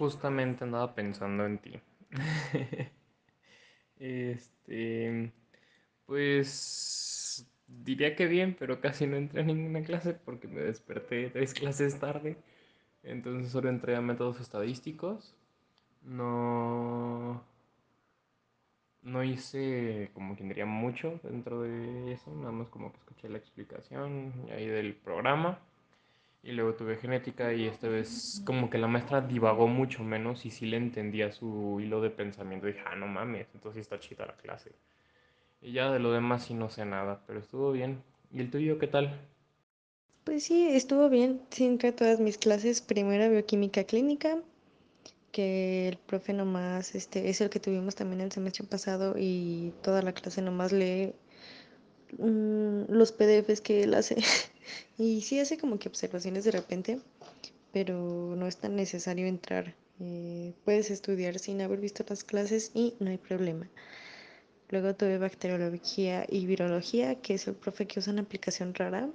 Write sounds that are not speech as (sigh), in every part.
justamente andaba pensando en ti. (laughs) este, pues diría que bien, pero casi no entré a ninguna clase porque me desperté tres (laughs) clases tarde. Entonces solo entré a métodos estadísticos. No, no hice como quien diría mucho dentro de eso, nada más como que escuché la explicación ahí del programa y luego tuve genética y esta vez como que la maestra divagó mucho menos y sí le entendía su hilo de pensamiento. Y dije, ah, no mames, entonces está chida la clase. Y ya de lo demás sí no sé nada, pero estuvo bien. ¿Y el tuyo qué tal? Pues sí, estuvo bien. Sí, todas mis clases. Primero bioquímica clínica, que el profe nomás, este, es el que tuvimos también el semestre pasado y toda la clase nomás lee mm, los PDFs que él hace. (laughs) Y sí hace como que observaciones de repente, pero no es tan necesario entrar. Eh, puedes estudiar sin haber visto las clases y no hay problema. Luego tuve bacteriología y virología, que es el profe que usa una aplicación rara,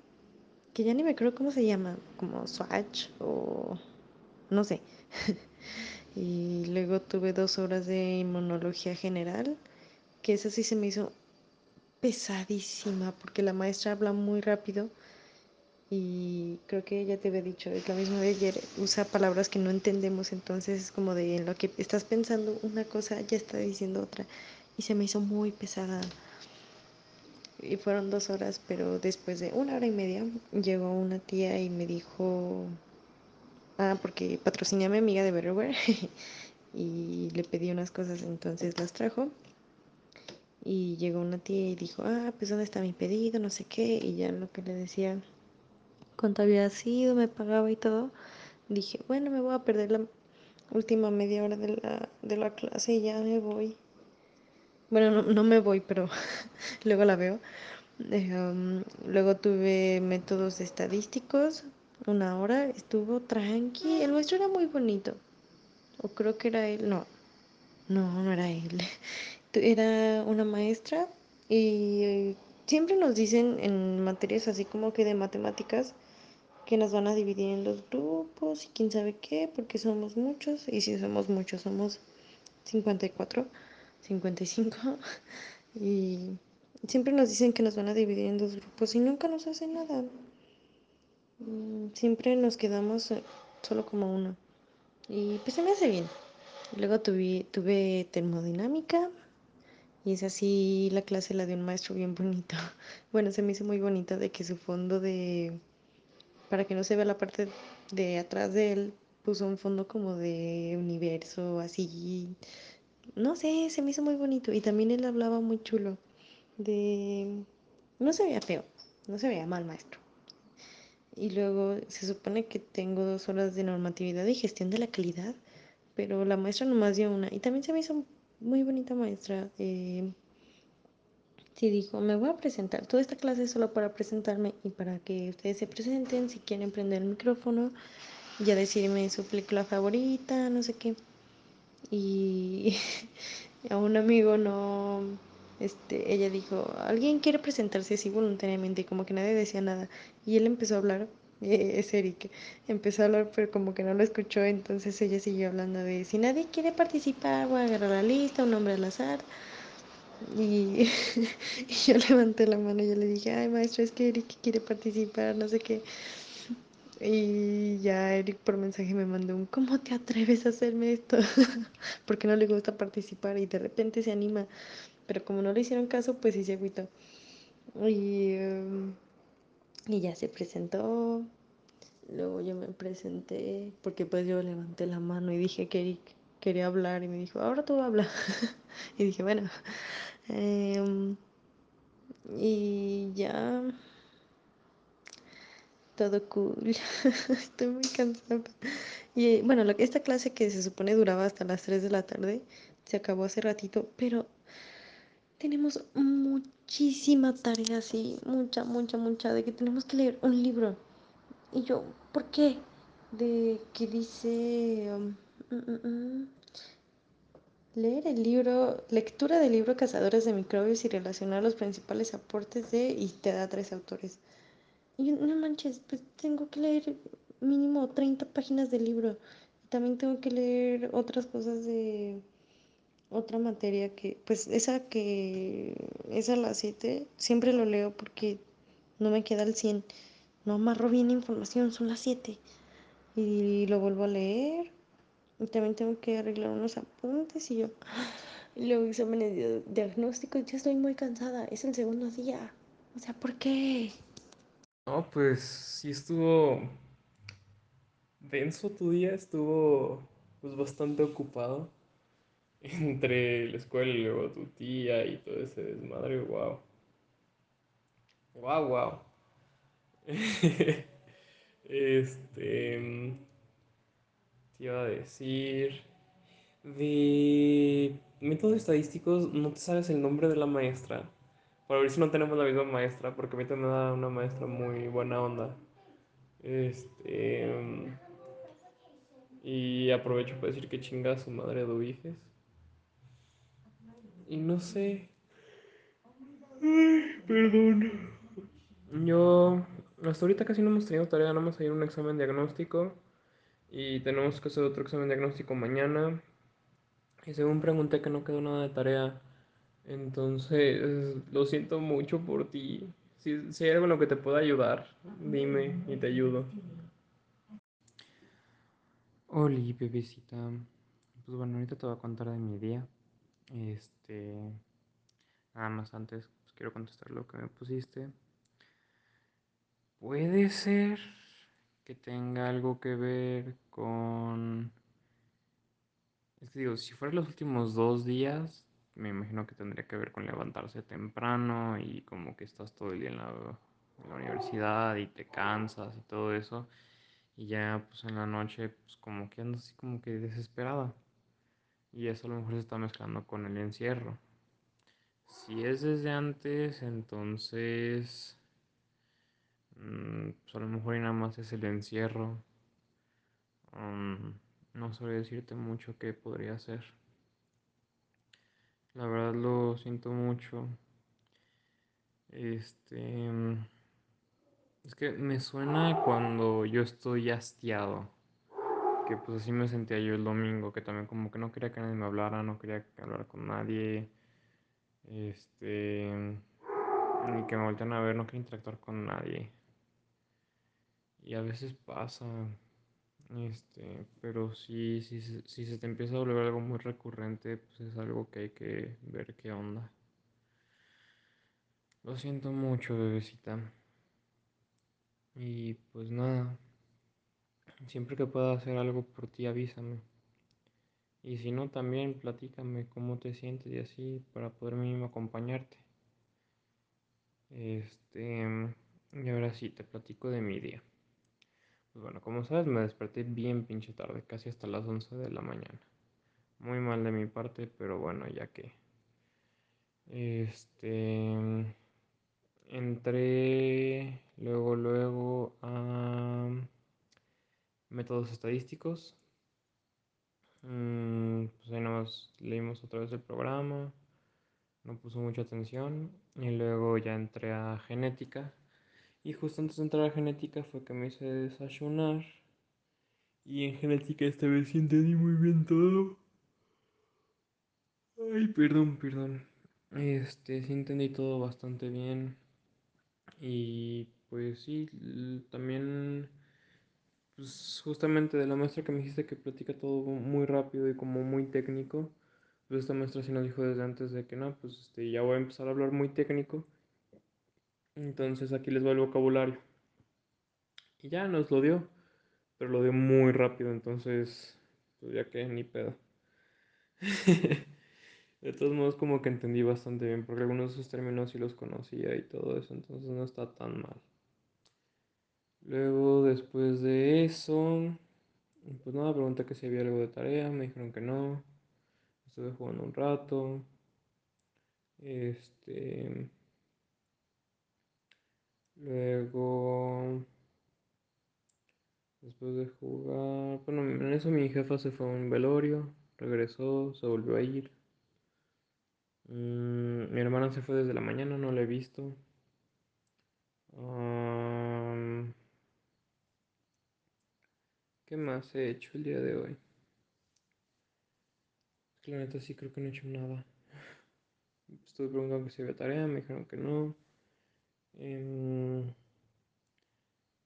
que ya ni me acuerdo cómo se llama, como Swatch o no sé. (laughs) y luego tuve dos horas de inmunología general, que esa sí se me hizo pesadísima, porque la maestra habla muy rápido y creo que ya te había dicho, es la misma de ayer, usa palabras que no entendemos, entonces es como de en lo que estás pensando una cosa ya está diciendo otra y se me hizo muy pesada. Y fueron dos horas, pero después de una hora y media llegó una tía y me dijo, ah, porque patrociné a mi amiga de Betterware (laughs) y le pedí unas cosas, entonces las trajo. Y llegó una tía y dijo, ah, pues ¿dónde está mi pedido? No sé qué. Y ya lo que le decía, cuánto había sido, me pagaba y todo, dije, bueno, me voy a perder la última media hora de la, de la clase y ya me voy. Bueno, no, me voy, pero (laughs) luego la veo. Em, luego tuve métodos estadísticos, una hora, estuvo tranqui. El nuestro era muy bonito. O creo que era él, no, no, no era él. (laughs) Era una maestra y siempre nos dicen en materias así como que de matemáticas que nos van a dividir en dos grupos y quién sabe qué, porque somos muchos, y si somos muchos, somos 54, 55, (laughs) y siempre nos dicen que nos van a dividir en dos grupos y nunca nos hacen nada. Mm, siempre nos quedamos eh, solo como uno. Y pues se me hace bien. Luego tuve, tuve termodinámica y es así la clase la de un maestro bien bonito. (laughs) Bueno, se me hizo muy bonita de que su fondo de para que no se vea la parte de atrás de él, puso un fondo como de universo, así. No sé, se me hizo muy bonito. Y también él hablaba muy chulo. De. No se veía feo, no se veía mal, maestro. Y luego se supone que tengo dos horas de normatividad y gestión de la calidad, pero la maestra nomás dio una. Y también se me hizo muy bonita maestra. Eh, sí dijo, me voy a presentar. Toda esta clase es solo para presentarme y para que ustedes se presenten, si quieren prender el micrófono, ya decirme su película favorita, no sé qué. Y (laughs) a un amigo no, este, ella dijo, alguien quiere presentarse así voluntariamente, como que nadie decía nada. Y él empezó a hablar, (laughs) es Eric, empezó a hablar, pero como que no lo escuchó, entonces ella siguió hablando de, si nadie quiere participar, voy a agarrar la lista, un nombre al azar. (laughs) Y, yo levanté la mano y yo le dije, ay maestro, es que Eric quiere participar, no sé qué. Y ya Eric por mensaje me mandó un, ¿cómo te atreves a hacerme esto? (laughs) Porque no le gusta participar y de repente se anima. Pero como no le hicieron caso, pues sí se agüitó. Em, y, ya se presentó. Luego yo me presenté, porque pues yo levanté la mano y dije que Eric quería hablar y me dijo, ahora tú habla. (laughs) y dije, bueno, Em, y ya. Todo cool. (laughs) Estoy muy cansada. Y bueno, esta clase que se supone duraba hasta las 3 de la tarde, se acabó hace ratito, pero tenemos muchísima tarea, sí, mucha, mucha, mucha, de que tenemos que leer un libro. Y yo, ¿por qué? De que dice... Um, mm, mm, mm. Leer el libro, lectura del libro Cazadores de Microbios y relacionar los principales aportes de, y te da tres autores. Y no manches, pues tengo que leer mínimo 30 páginas del libro. también tengo que leer otras cosas de otra materia que, pues esa que esa a las 7, siempre lo leo porque no me queda el 100. No amarro bien información, son las 7. Y lo vuelvo a leer y también tengo que arreglar unos apuntes y yo. Y Luego hizo de diagnóstico. Ya estoy muy cansada. Es el segundo día. O sea, ¿por qué? No, pues sí estuvo denso tu día. Estuvo pues bastante ocupado. (laughs) Entre la escuela y luego tu tía y todo ese desmadre. Wow. Wow, wow. este. Mm, iba a decir? De métodos estadísticos, no te sabes el nombre de la maestra. Para ver si no tenemos la misma maestra, porque también me da una maestra muy buena onda. Este. Mm, y aprovecho para decir que chinga su madre de Uiges. Y no sé. Ay, perdón. Yo. Hasta ahorita casi no hemos tenido tarea, nada más hay un examen diagnóstico y tenemos que hacer otro examen diagnóstico mañana. Y según pregunté que no quedó nada de tarea, entonces lo siento mucho por ti. Si, si hay algo en lo que te pueda ayudar, dime y te ayudo. Hola, bebecita. Pues bueno, ahorita te voy a contar de mi día. Este. Nada más antes pues, quiero contestar lo que me pusiste. Puede ser que tenga algo que ver con... Es que digo, si fueran los últimos dos días, me imagino que tendría que ver con levantarse temprano y como que estás todo el día en la, en la universidad y te cansas y todo eso. Y ya pues en la noche pues como que andas así como que desesperada. Y eso a lo mejor se está mezclando con el encierro. Si es desde antes, entonces Mm, pues, a lo mejor y nada más es el encierro. Mm, no sabría decirte mucho qué podría hacer. La verdad lo siento mucho. Este. Mm, es que me suena cuando yo estoy hastiado. Que pues así me sentía yo el domingo, que también como que no quería que nadie me hablara, no quería hablar con nadie. Este. Ni que me voltean a ver, no quería interactuar con nadie y a veces pasa. Este, pero si, si, se te empieza a volver algo muy recurrente, pues es algo que hay que ver qué onda. Lo siento mucho, bebecita. Y pues nada, siempre que pueda hacer algo por ti, avísame. Y si no, también platícame cómo te sientes y así para poder mismo acompañarte. Este, y ahora sí, te platico de mi día. Pues bueno, como sabes, me desperté bien pinche tarde, casi hasta las 11 de la mañana. Muy mal de mi parte, pero bueno, ya que. Este. Entré luego, luego a métodos estadísticos. Mm, pues ahí nomás leímos otra vez el programa, no puso mucha atención. Y luego ya entré a genética y justo antes de entrar a genética fue que me hice desayunar. Y en genética esta vez sí entendí muy bien todo. Ay, perdón, perdón. Este, sí entendí todo bastante bien. Y pues sí, también, pues justamente de la maestra que me dijiste que platica todo muy rápido y como muy técnico, pues esta maestra sí nos dijo desde antes de que no, pues este, ya voy a empezar a hablar muy técnico entonces aquí les va el vocabulario. Y ya nos lo dio, pero lo dio muy rápido, entonces pues ya que ni pedo. (laughs) de todos modos como que entendí bastante bien, porque algunos de esos términos sí los conocía y todo eso, entonces no está tan mal. Luego después de eso, pues nada, pregunté que si había algo de tarea, me dijeron que no. Estuve jugando un rato. Este, Luego, después de jugar, bueno, en eso mi jefa se fue a un velorio, regresó, se volvió a ir. Mm, mi hermana se fue desde la mañana, no la he visto. ¿Qué más he hecho el día de hoy? Es que neta sí creo que no he hecho nada. (laughs) Estuve preguntando que si había tarea, me dijeron que no. Em,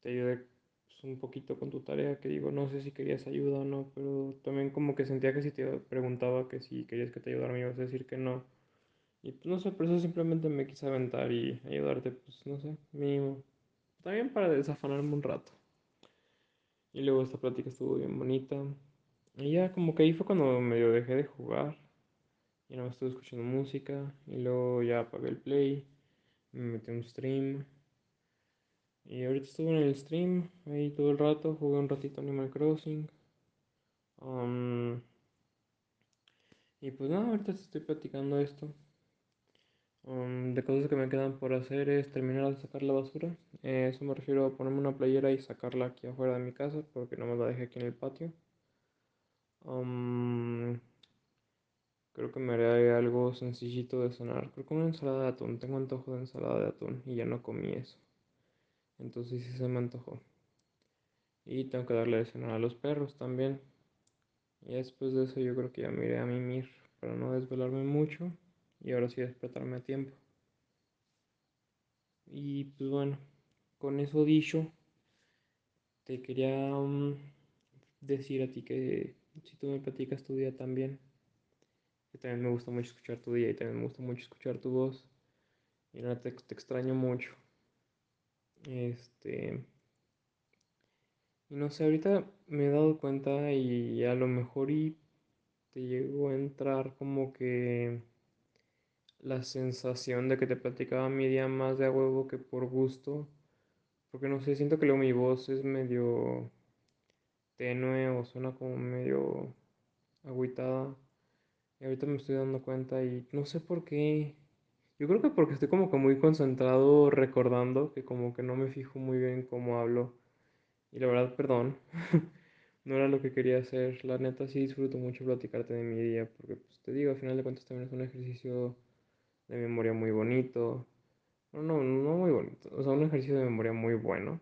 te ayudé pues, un poquito con tu tarea, que digo, no sé si querías ayuda o no, pero también como que sentía que si te preguntaba que si querías que te ayudara me ibas a decir que no. Y pues, no sé, por eso simplemente me quise aventar y ayudarte, pues no sé, mínimo. También para desafanarme un rato. Y luego esta plática estuvo bien bonita. Y ya como que ahí fue cuando medio dejé de jugar. Y no me estuve escuchando música. Y luego ya apagué el play me metí un stream. Y ahorita estuve en el stream, ahí todo el rato, jugué un ratito Animal Crossing. Um, y pues nada, ahorita estoy platicando esto. Um, de cosas que me quedan por hacer es terminar de sacar la basura. Eh, eso me refiero a ponerme una playera y sacarla aquí afuera de mi casa porque no me la dejé aquí en el patio. Um, Creo que me haré algo sencillito de cenar. Creo que una ensalada de atún. Tengo antojo de ensalada de atún y ya no comí eso. Entonces sí se me antojó. Y tengo que darle de cenar a los perros también. Y después de eso yo creo que ya me iré a mimir para no desvelarme mucho y ahora sí despertarme a tiempo. Y pues bueno, con eso dicho, te quería mm, decir a ti que si tú me platicas tu día también. Y también me gusta mucho escuchar tu día y también me gusta mucho escuchar tu voz. Y ahora te, extraño mucho. Este. Y no sé, ahorita me he dado cuenta y a lo mejor y te llegó a entrar como que la sensación de que te platicaba mi día más de a huevo que por gusto. Porque no sé, siento que luego mi voz es medio tenue o suena como medio agüitada. Y ahorita me estoy dando cuenta y no sé por qué. Yo creo que porque estoy como que muy concentrado recordando que como que no me fijo muy bien cómo hablo. Y la verdad, perdón. (laughs) no era lo que quería hacer. La neta sí disfruto mucho platicarte de mi día porque pues, te digo, al final de cuentas también es un ejercicio de memoria muy bonito. No, no, no muy bonito. O sea, un ejercicio de memoria muy bueno.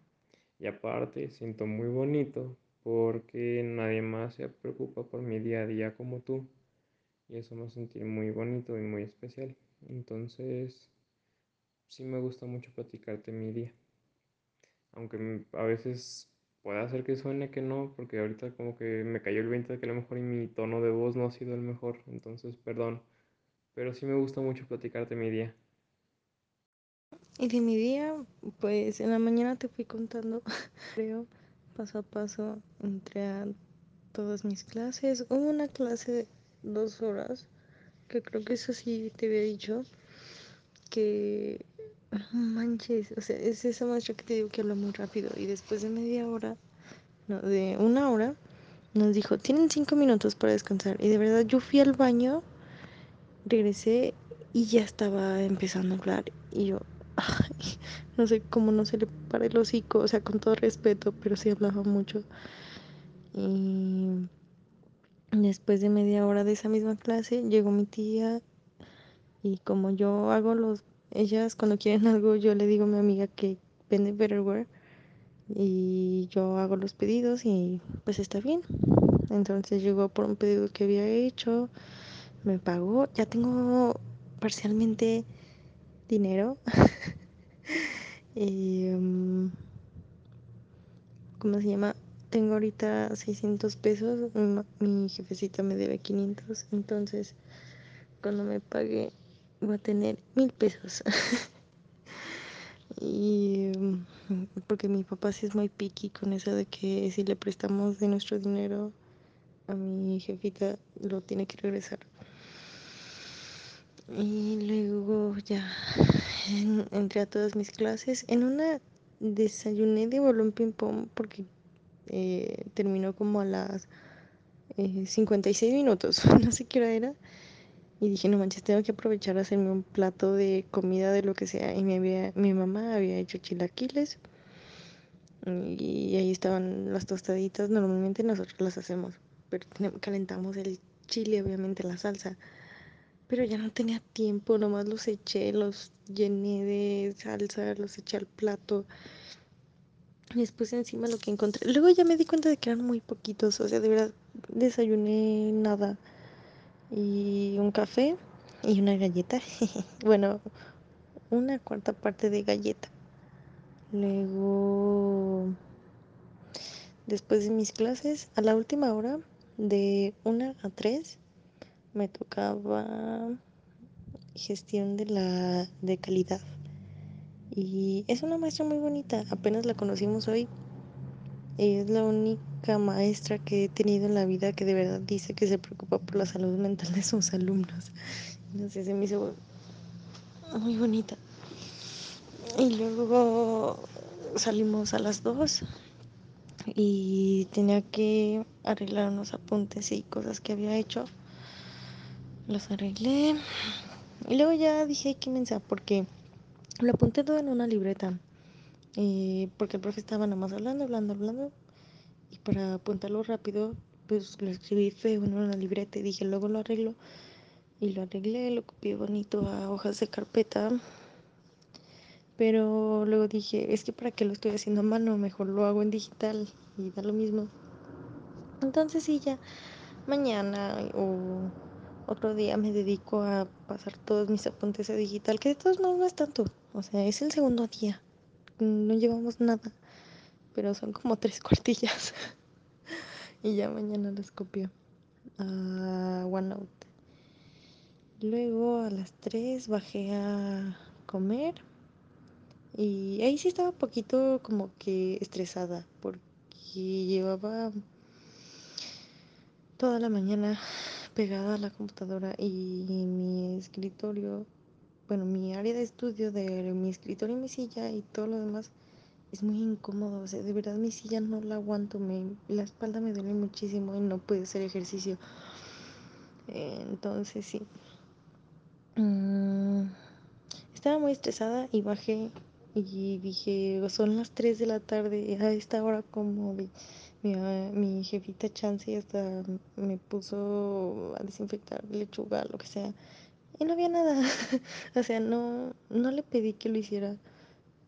Y aparte, siento muy bonito porque nadie más se preocupa por mi día a día como tú y eso me sentí muy bonito y muy especial. Entonces, sí me gusta mucho platicarte mi día. Aunque a veces puede hacer que suene que no, porque ahorita como que me cayó el viento de que a lo mejor mi tono de voz no ha sido el mejor, entonces perdón. Pero sí me gusta mucho platicarte mi día. Y de mi día, pues en la mañana te fui contando, (laughs) creo, paso a paso entre a todas mis clases. Hubo una clase de dos horas, que creo que eso sí te había dicho, que manches, o sea, es esa maestra que te digo que habla muy rápido y después de media hora, no, de una hora, nos dijo, tienen cinco minutos para descansar. Y de verdad yo fui al baño, regresé y ya estaba empezando a hablar y yo, ay, no sé cómo no se le para el hocico, o sea, con todo respeto, pero sí hablaba mucho. Y Después de media hora de esa misma clase llegó mi tía y como yo hago los, ellas cuando quieren (laughs) algo yo le digo a mi amiga que vende Betterware y yo hago los pedidos y pues está bien. Entonces llegó por un pedido que había hecho, me pagó, ya tengo parcialmente dinero. (laughs) y, em, ¿Cómo se llama? tengo ahorita 600 pesos, mi, jefecita me debe 500, entonces cuando me pague voy a tener 1000 pesos. (laughs) y mm, porque mi papá sí es muy piqui con eso de que si le prestamos de nuestro dinero a mi jefita lo tiene que regresar. Y luego ya entré a todas mis clases. En una desayuné de volumen ping pong porque eh, terminó como a las 56 eh, minutos, (laughs) no sé qué hora era. Y dije, no manches, tengo que aprovechar a hacerme un plato de comida de lo que sea. Y mi, mi mamá había hecho chilaquiles. Y ahí estaban las tostaditas. Normalmente nosotros las hacemos. Pero calentamos el chile, obviamente la salsa. Pero ya no tenía tiempo, nomás los eché, los llené de salsa, los eché al plato les puse encima lo que encontré. Luego ya me di cuenta de que eran muy poquitos, o sea, de verdad desayuné nada. Y un café y una galleta. (laughs) bueno, una cuarta parte de galleta. Luego, después de mis clases, a la última hora, de una a tres, me tocaba gestión de la de calidad. Y es una maestra muy bonita, apenas la conocimos hoy. Es la única maestra que he tenido en la vida que de verdad dice que se preocupa por la salud mental de sus alumnos. No sé, se me hizo muy bonita. Y luego salimos a las dos y tenía que arreglar unos apuntes y cosas que había hecho. Los arreglé. Y luego ya dije que por porque lo apunté todo en una libreta, eh, porque el profe estaba nada más hablando, hablando, hablando, y para apuntarlo rápido, pues lo escribí feo en una libreta y dije, luego lo arreglo. Y lo arreglé, lo copié bonito a hojas de carpeta. Pero luego dije, es que para que lo estoy haciendo a mano, mejor lo hago en digital y da lo mismo. Entonces sí, ya mañana o otro día me dedico a pasar todos mis apuntes a digital, que de todos no es tanto. O sea, es el segundo día. No llevamos nada. Pero son como tres (laughs) cuartillas. y ya mañana las copio. A OneNote. Luego a las tres bajé a comer. Y ahí sí estaba un poquito como que estresada. Porque llevaba toda la mañana pegada a la computadora y mi escritorio bueno, mi área de estudio de mi escritorio y mi silla y todo lo demás es muy incómodo. O sea, de verdad mi silla no la aguanto, me, la espalda me duele muchísimo y no puedo hacer ejercicio. entonces sí. Mm, estaba muy estresada y bajé y dije, son las 3 de la tarde, a esta hora como mi, ah, mi, jefita Chance hasta me puso a desinfectar lechuga, lo que sea y no había nada. (laughs) o sea, no, no le pedí que lo hiciera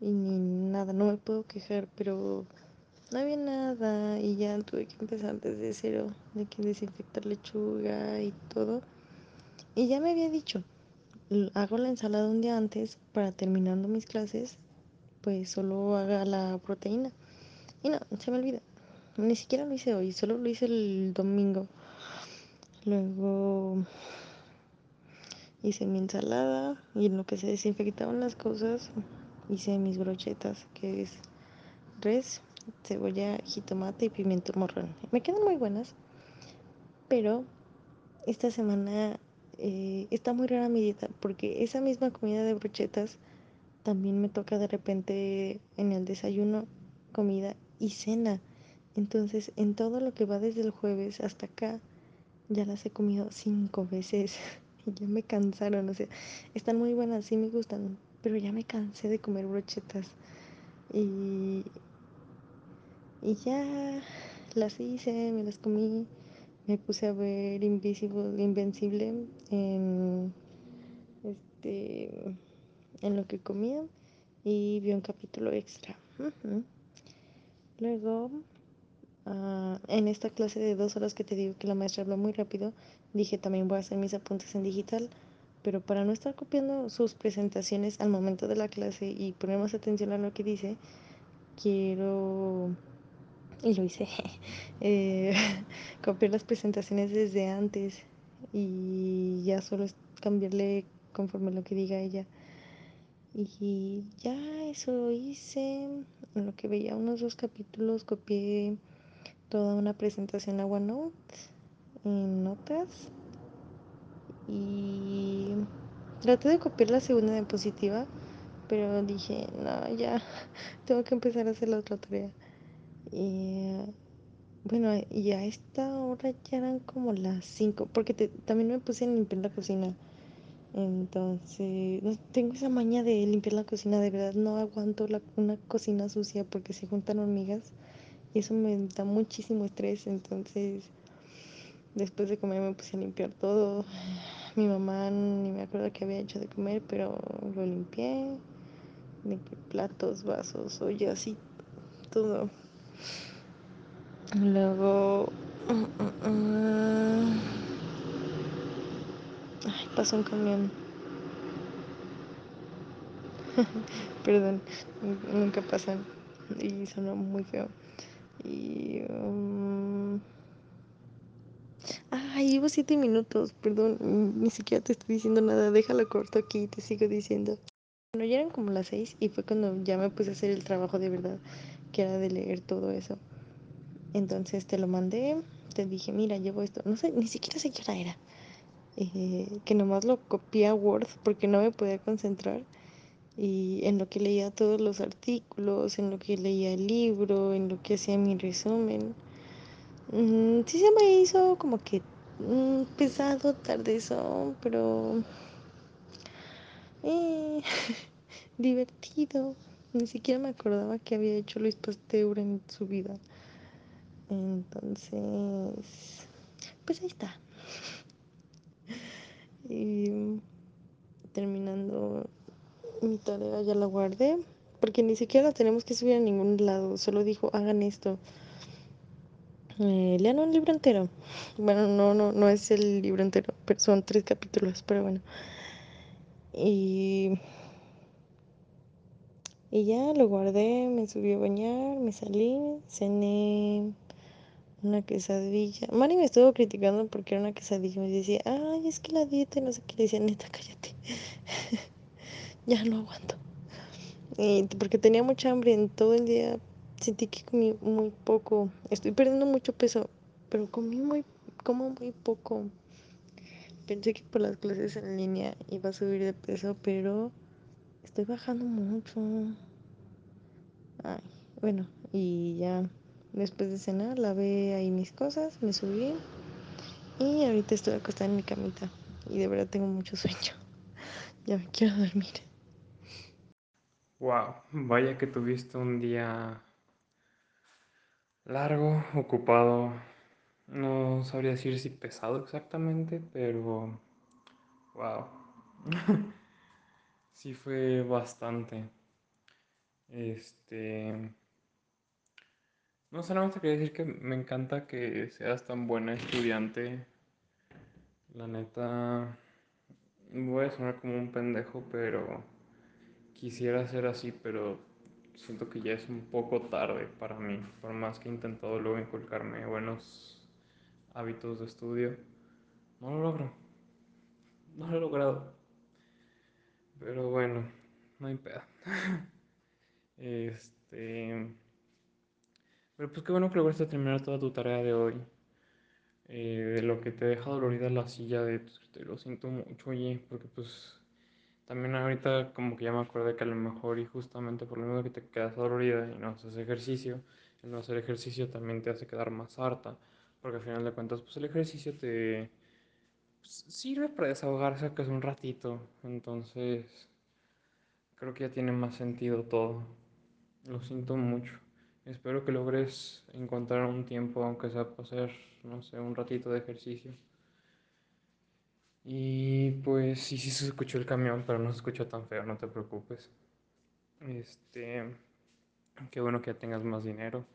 y ni nada, no me puedo quejar, pero no había nada y ya tuve que empezar desde cero, de que desinfectar lechuga y todo. Y ya me había dicho, hago la ensalada un día antes para terminando mis clases, pues solo haga la proteína. Y no, se me olvida. Ni siquiera lo hice hoy, solo lo hice el domingo. Luego hice mi ensalada y en lo que se desinfectaban las cosas hice mis brochetas, que es res, cebolla, jitomate y pimiento morrón. Me quedan muy buenas, pero esta semana eh, está muy rara mi dieta porque esa misma comida de brochetas también me toca de repente en el desayuno, comida y cena. Entonces, en todo lo que va desde el jueves hasta acá, ya las he comido cinco veces. (laughs) (laughs) ya me cansaron, o sea, están muy buenas, sí me gustan, pero ya me cansé de comer brochetas. Y, y ya las hice, me las comí, me puse a ver Invisible, Invencible en, este, en lo que comía y vi un capítulo extra. Luego Ah, en esta clase de dos horas que te digo que la maestra habla muy rápido, dije también voy a hacer mis apuntes en digital, pero para no estar copiando sus presentaciones al momento de la clase y poner más atención a lo que dice, quiero, y lo hice, (laughs) eh, (laughs) copiar las presentaciones desde antes y ya solo es cambiarle conforme lo que diga ella. Y ya eso hice, lo que veía unos dos capítulos copié toda una presentación a OneNote en notas y traté de copiar la segunda diapositiva, pero dije, no, ya, (laughs) tengo que empezar a hacer la otra tarea. Y bueno, y a esta hora ya eran como las 5, porque también me puse a limpiar la cocina. Entonces, no, tengo esa maña de limpiar la cocina, de verdad no aguanto una cocina sucia porque se juntan hormigas. Y eso me da muchísimo estrés. Entonces, después de comer me puse a limpiar todo. Mi mamá ni me acuerdo que había hecho de comer, pero lo limpié. platos, vasos, ollas y todo. Luego... Ay, pasó un camión. (laughs) Perdón, nunca pasan y sonó muy feo. Y. Ah, llevo siete minutos, perdón, ni siquiera te estoy diciendo nada, déjalo corto aquí te sigo diciendo. Bueno, ya eran como las seis y fue cuando ya me puse a hacer el trabajo de verdad, que era de leer todo eso. Entonces te lo mandé, te dije, mira, llevo esto, no sé, ni siquiera sé qué hora era. Eh, que nomás lo copié a Word porque no me podía concentrar y en lo que leía todos los artículos, en lo que leía el libro, en lo que hacía mi resumen. Mm, sí se me hizo como que mm, pesado, tardezón, pero eh, (laughs) divertido. Ni siquiera me acordaba que había hecho Luis Pasteur en su vida. Entonces, pues ahí está. (laughs) Y terminando mi tarea ya la guardé, porque ni siquiera la tenemos que subir a ningún lado, solo dijo, hagan esto. Eh, lean un libro entero. Bueno, no, no, no es el libro entero, pero son tres capítulos, pero bueno. Y, y ya lo guardé, me subí a bañar, me salí, cené una quesadilla. Mari me estuvo criticando porque era una quesadilla. Me decía, ay, es que la dieta y no sé qué. Le decía, neta, cállate. (laughs) ya no aguanto. porque tenía mucha hambre en todo el día, sentí que comí muy poco. Estoy perdiendo mucho peso, pero comí muy, como muy poco. Pensé que por las clases en línea iba a subir de peso, pero estoy bajando mucho. Ay, bueno, y ya después de cenar lavé ahí mis cosas, me subí y ahorita estoy acostada en mi camita y de verdad tengo mucho sueño. (laughs) Ya me quiero dormir. Wow, vaya que tuviste un día largo, ocupado. No sabría decir si pesado exactamente, pero wow. (laughs) sí fue bastante. Este no solamente quería decir que me encanta que seas tan buena estudiante. La neta voy a sonar como un pendejo, pero quisiera ser así, pero siento que ya es un poco tarde para mí, por más que he intentado luego inculcarme buenos hábitos de estudio, no lo logro, no lo he logrado, pero bueno, no hay (laughs) este, pero pues qué bueno que lograste terminar toda tu tarea de hoy. Eh, de lo que te deja dolorida la silla de tu lo siento mucho, oye, porque pues también ahorita como que ya me acordé que a lo mejor y justamente por lo menos que te quedas dolorida y no haces ejercicio, el no hacer ejercicio también te hace quedar más harta, porque al final de cuentas pues el ejercicio te pues, sirve para desahogarse que es un ratito, entonces creo que ya tiene más sentido todo. Lo siento mucho. Espero que logres encontrar un tiempo, aunque sea para hacer, no sé, un ratito de ejercicio. Y pues sí, sí se escuchó el camión, pero no se escuchó tan feo, no te preocupes. Este, qué bueno que ya tengas más dinero.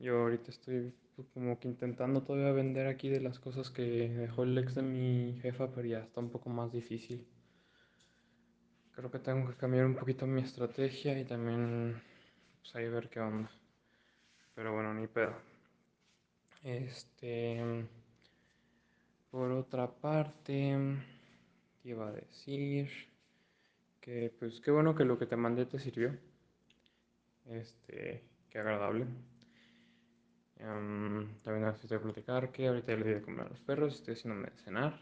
Yo ahorita estoy pues, como que intentando todavía vender aquí de las cosas que dejó el ex de mi jefa, pero ya está un poco más difícil. Creo que tengo que cambiar un poquito mi estrategia y también pues ahí ver qué onda. Pero bueno, ni pedo. Este... Por otra parte, te iba a decir que pues qué bueno que lo que te mandé te sirvió. Este, qué agradable. Em, también necesito platicar que ahorita le voy a comer a los perros, estoy haciéndome de cenar.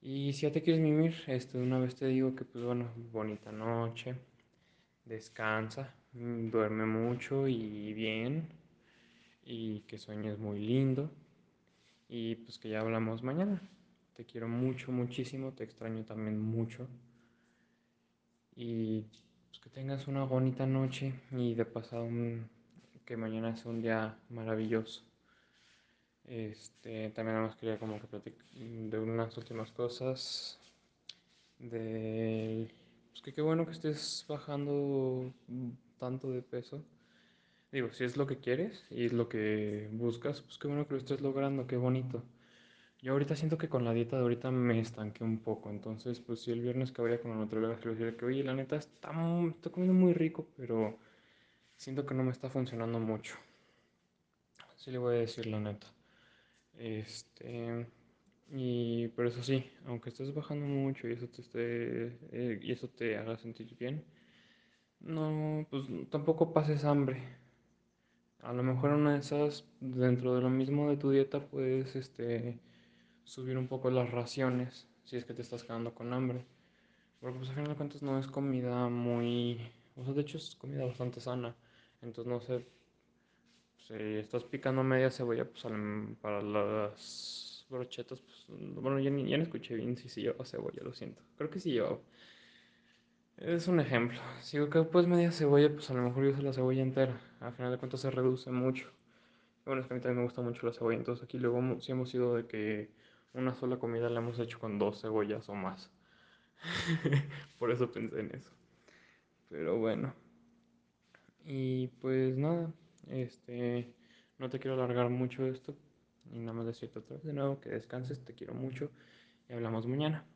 Y si ya te quieres mimir, este, una vez te digo que pues bueno, bonita noche, descansa, duerme mucho y bien, y que sueñes muy lindo y pues que ya hablamos mañana. Te quiero mucho, muchísimo, te extraño también mucho. Y pues que tengas una bonita noche y de pasado un, que mañana sea un día maravilloso. Este, también nada más quería como que platicar de unas últimas cosas. De, pues que qué bueno que estés bajando tanto de peso. Digo, si es lo que quieres y es lo que buscas, pues qué bueno que lo estés logrando, qué bonito. Yo ahorita siento que con la dieta de ahorita me estanqué un poco, entonces pues si el viernes que con la nutrióloga que lo decía que, oye, la neta, está, estoy comiendo muy rico, pero siento que no me está funcionando mucho. Así le voy a decir la neta. Este, y, pero eso sí, aunque estés bajando mucho y eso te, esté, eh, y eso te haga sentir bien, no, pues tampoco pases hambre a lo mejor una de esas, dentro de lo mismo de tu dieta, puedes este, subir un poco las raciones si es que te estás quedando con hambre. Porque pues al final de cuentas no es comida muy... O sea, de hecho es comida bastante sana. Entonces no sé, si estás picando media cebolla, pues para las brochetas, pues bueno, ya, ni, no escuché bien si se llevaba cebolla, lo siento. Creo que sí llevaba. Es un ejemplo. Si que pues media cebolla, pues a lo mejor yo uso la cebolla entera a final de cuentas se reduce mucho. Bueno, es que a mí también me gusta mucho la cebolla, entonces aquí luego sí hemos ido de que una sola comida la hemos hecho con dos cebollas o más. (laughs) Por eso pensé en eso. Pero bueno. Y pues nada, este, no te quiero alargar mucho esto. Y nada más decirte otra vez de nuevo que descanses, te quiero mucho y hablamos mañana.